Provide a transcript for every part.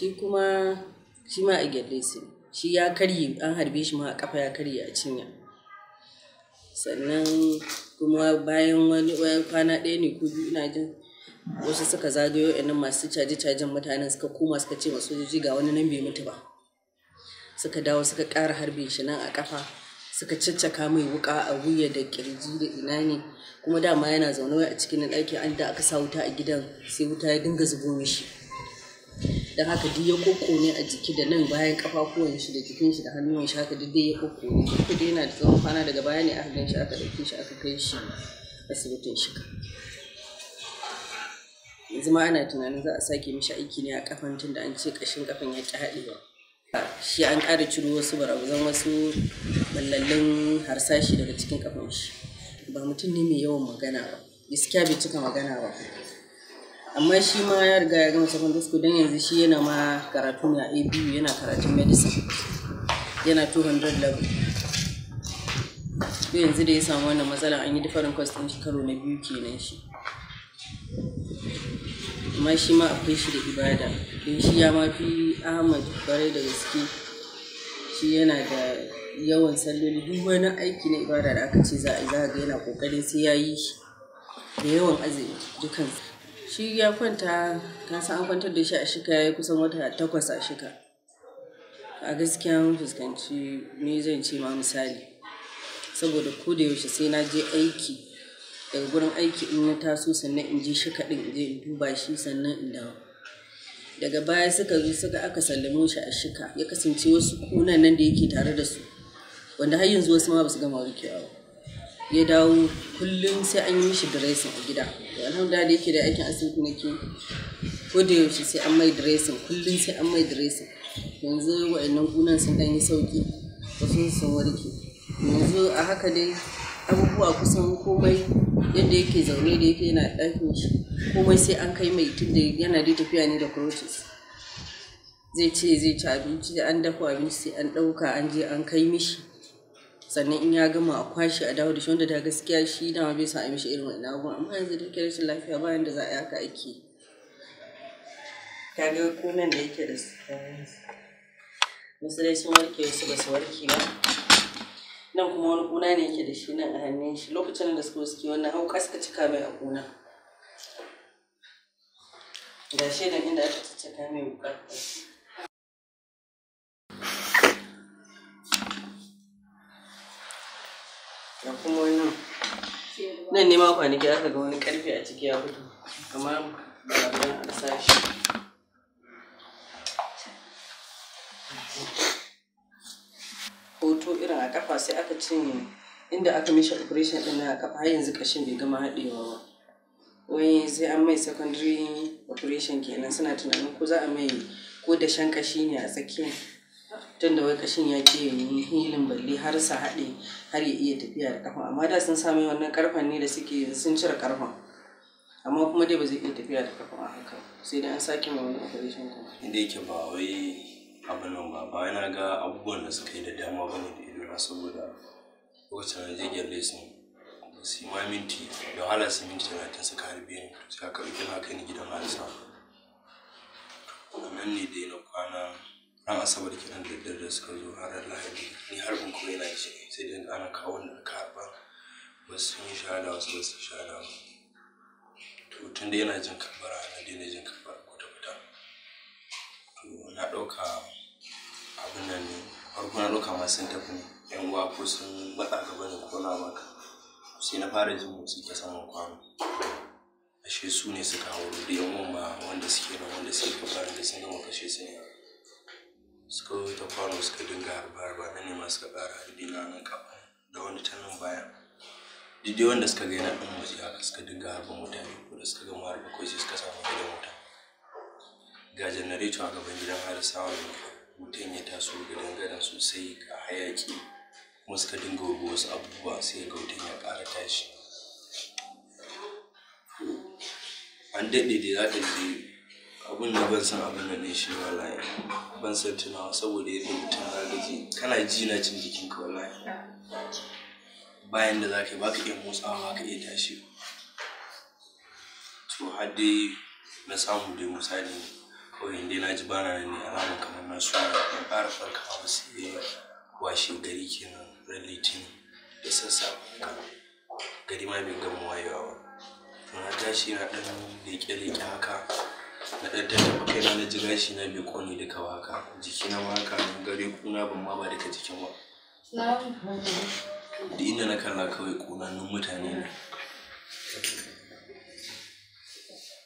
shi kuma shi ma a gyalle su shi ya karye an harbe shi ma a kafa ya karye a cinya sannan kuma bayan wani kwana ɗaya ne ko biyu ina jin wasu suka zagayo yanan masu caje-cajen mutanen suka koma suka ce masu sojoji ga wani nan bai mutu ba suka dawo suka ƙara harbe shi nan a kafa suka caccaka mai wuka a wuya da kirji da ina ne kuma dama yana zaune a cikin ɗaki an da aka sa wuta a gidan sai wuta ya dinga zubo mishi Da haka duk ya ne a jiki da nan bayan kafafuwan shi da jikin shi da hannun shi haka duk dai ya ne duk da yana da tsawon kwana daga baya ne aka shi aka ɗauki shi aka kai shi asibitin shiga yanzu ma ana tunanin za a sake mishi aiki ne a kafan tun da an ce ƙashin kafan ya ƙi haɗewa shi an ƙara ciro wasu barabuzan wasu ballallin harsashi daga cikin kafan shi ba mutum ne mai yawan magana ba gaskiya bai cika magana ba amma shi ma ya riga ya gama secondary school don yanzu shi yana ma karatu ne a abu yana karatun medicine yana 200 level to yanzu da ya samu wannan matsala an yi different course din shi karo na biyu kenan shi amma shi ma akwai shi da ibada don shi ya ma fi ahmad bare da gaske shi yana da yawan salloli duk wani aiki na ibada da aka ce za a ga yana kokarin sai ya yi da yawan azumi dukansu shi ya kwanta na an kwantar da shi a shika ya kusan wata takwas a shika a gaskiya mun fuskanci me zan ce ma misali saboda ko da yaushe sai na je aiki daga gurin aiki in na taso sannan in je shika din in je in duba shi sannan in dawo daga baya suka zo suka aka sallame shi a shika ya kasance wasu kunan nan da yake tare da su wanda har yanzu wasu ma ba su gama warkewa ya dawo kullum sai an yi shi diresin a gida alhamdulillah da yake da aikin asibiti nake ko da yaushe sai an mai dressing kullum sai an mai dressing yanzu wa'annan kunan sun dan yi sauki wasu sun warke yanzu a haka dai abubuwa kusan komai yadda yake zaune da yake yana ɗakin shi komai sai an kai mai tun yana da tafiya ne da crutches zai ce zai ci abinci da an dafa abinci sai an ɗauka an je an kai mishi sannan in ya gama a kwashe a dawo da shi wanda da gaskiya shi dama bai sa a mishi irin wannan abubuwan amma yanzu da ke rashin lafiya bayan da za a yi haka ake ga kunan da yake da wasu dai sun warke wasu ba su warke ba nan kuma wani kuna ne yake da shi nan a hannun shi lokacin da suka wasu ke wannan hauka suka cika mai a kuna ga shaidan inda aka cika mai bukatar nan ne kwanaki aka ga wani karfe a ciki ya fito kamar babban harsashi hoto irin a kafa sai aka cinye inda aka mishi operation din a kafa har yanzu kashin bai gama haɗewa ba wai sai an mai secondary operation kenan suna tunanin ko za a mai ko dashen kashi ne a tsakiyar tun da wai kashin ya ke hilin balle har sa haɗe har ya iya tafiya da kafa amma da sun sami wannan karfan ne da suke sun cire karfan amma kuma dai ba zai iya tafiya da kafa a haka sai dai an sake ma wani operation kuma inda yake ba wai abin nan ba ba na ga abubuwan da suka yi da dama ba ne da idona saboda lokacin da jirgin lesin da su ma minti da wahala su minti talatin suka harbe ni sai aka ɗauki na kai ni gidan halisa a nan ne dai na kwana An asabar kenan da daddare suka zo har lahadi ni harbin kuma yana ce sai dai ana kawo wanda ka harba wasu sun yi shahada wasu ba su yi shahada ba to tun da yana jin karbara na daina jin karbara kwata kwata to na ɗauka abin nan ne farko na ɗauka ma sun tafi ne yan uwa ko sun matsa gaba ne ko na maka sai na fara jin motsi ta saman kwano ashe su ne suka hauro da yan uwan ma wanda suke nan wanda suke kabarin da sun gama kashe su ne suka zo ta kwano suka dinga harba harba na nema suka ƙara harbi na nan kafa da wani ta baya dai wanda suka ga yana ɗan waje haka suka dinga harba mutane ko da suka gama harba ko sai suka samu gidan wuta ga janareto a gaban gidan harisawa wutan ya taso gidan gadan sosai ga hayaki kuma suka dinga wa wasu abubuwa sai ga wutan ya ƙara tashi an daɗe da za ta je abin da ban san abin da ne shi wallahi ban san tunawa saboda yadda mutum za ka ke kana ji na cin jikin ka wallahi bayan da zaka ka ba ka iya motsawa ba ka iya tashi to har dai na samu dai misali kawai inda na ji bana ne alama kamar na suna na ƙara farkawa sai washe gari kenan ran litinin da sassafe gari ma bai gama wayewa ba na tashi na ɗan leƙe-leƙe haka na ɗan tattaɓa kaina na ji gashi na bai ƙone duka ba haka jikina waka haka gare kuna ban ma ba duka jikin ba duk inda na kalla kawai ƙonannun mutane ne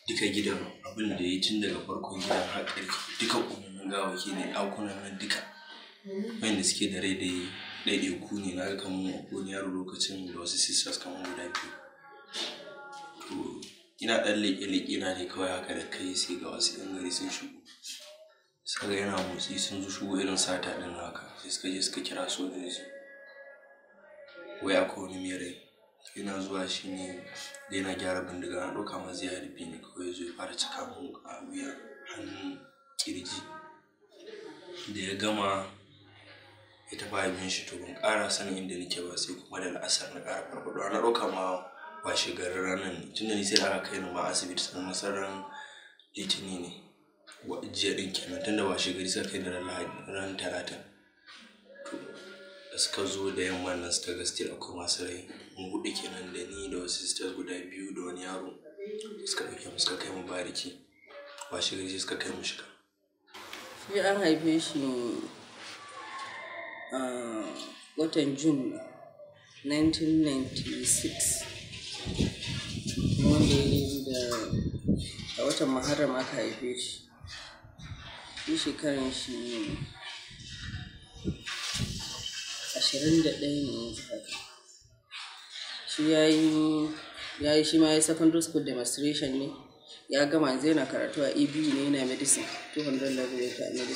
duka gidan abin da ya tun daga farkon gidan har duka ƙonannun gawaki ne ɗakunan nan duka wanda suke da rai da ɗaiɗaiku ne na ga kamar wani yaro lokacin da wasu sisters kamar guda biyu ina ɗan leƙe-leƙe na ne kawai haka da kai sai ga wasu ɗan gari sun shigo suka ga yana motsi sun zo shigo irin sata ɗin haka sai suka je suka kira su waya ko wani mere yana zuwa shi ne da yana gyara bindiga na ɗauka ma zai harbi ne kawai zo fara cika mun a wuya hannun kirji da ya gama ya tafi abin shi to ban ƙara sanin inda nake ba sai kuma da la'asar na ƙara farfaɗo na ɗauka ma washe garin ranar ne tun da nisa aka kai ni ma asibiti sannan nasarar litini ne jiya din kenan tun da washe gari suka kai da ran talata to da suka zo da yamma nan suka gaske kuma masu rai mun hudu kenan da ni da wasu sisters guda biyu da wani yaro suka ɗauke mu suka kai mu bariki washe gari suka kai mu shiga shi an haife shi ah, watan june 1996 daidai da a watan maharam aka haife shi shi shekaran shi ashirin da ɗaya ne yanzu haka shi ya yi ya yi shi ma ya secondary school demonstration ne ya gama yanzu na karatu a ebu ne yana medicine 200 level ya ta medicine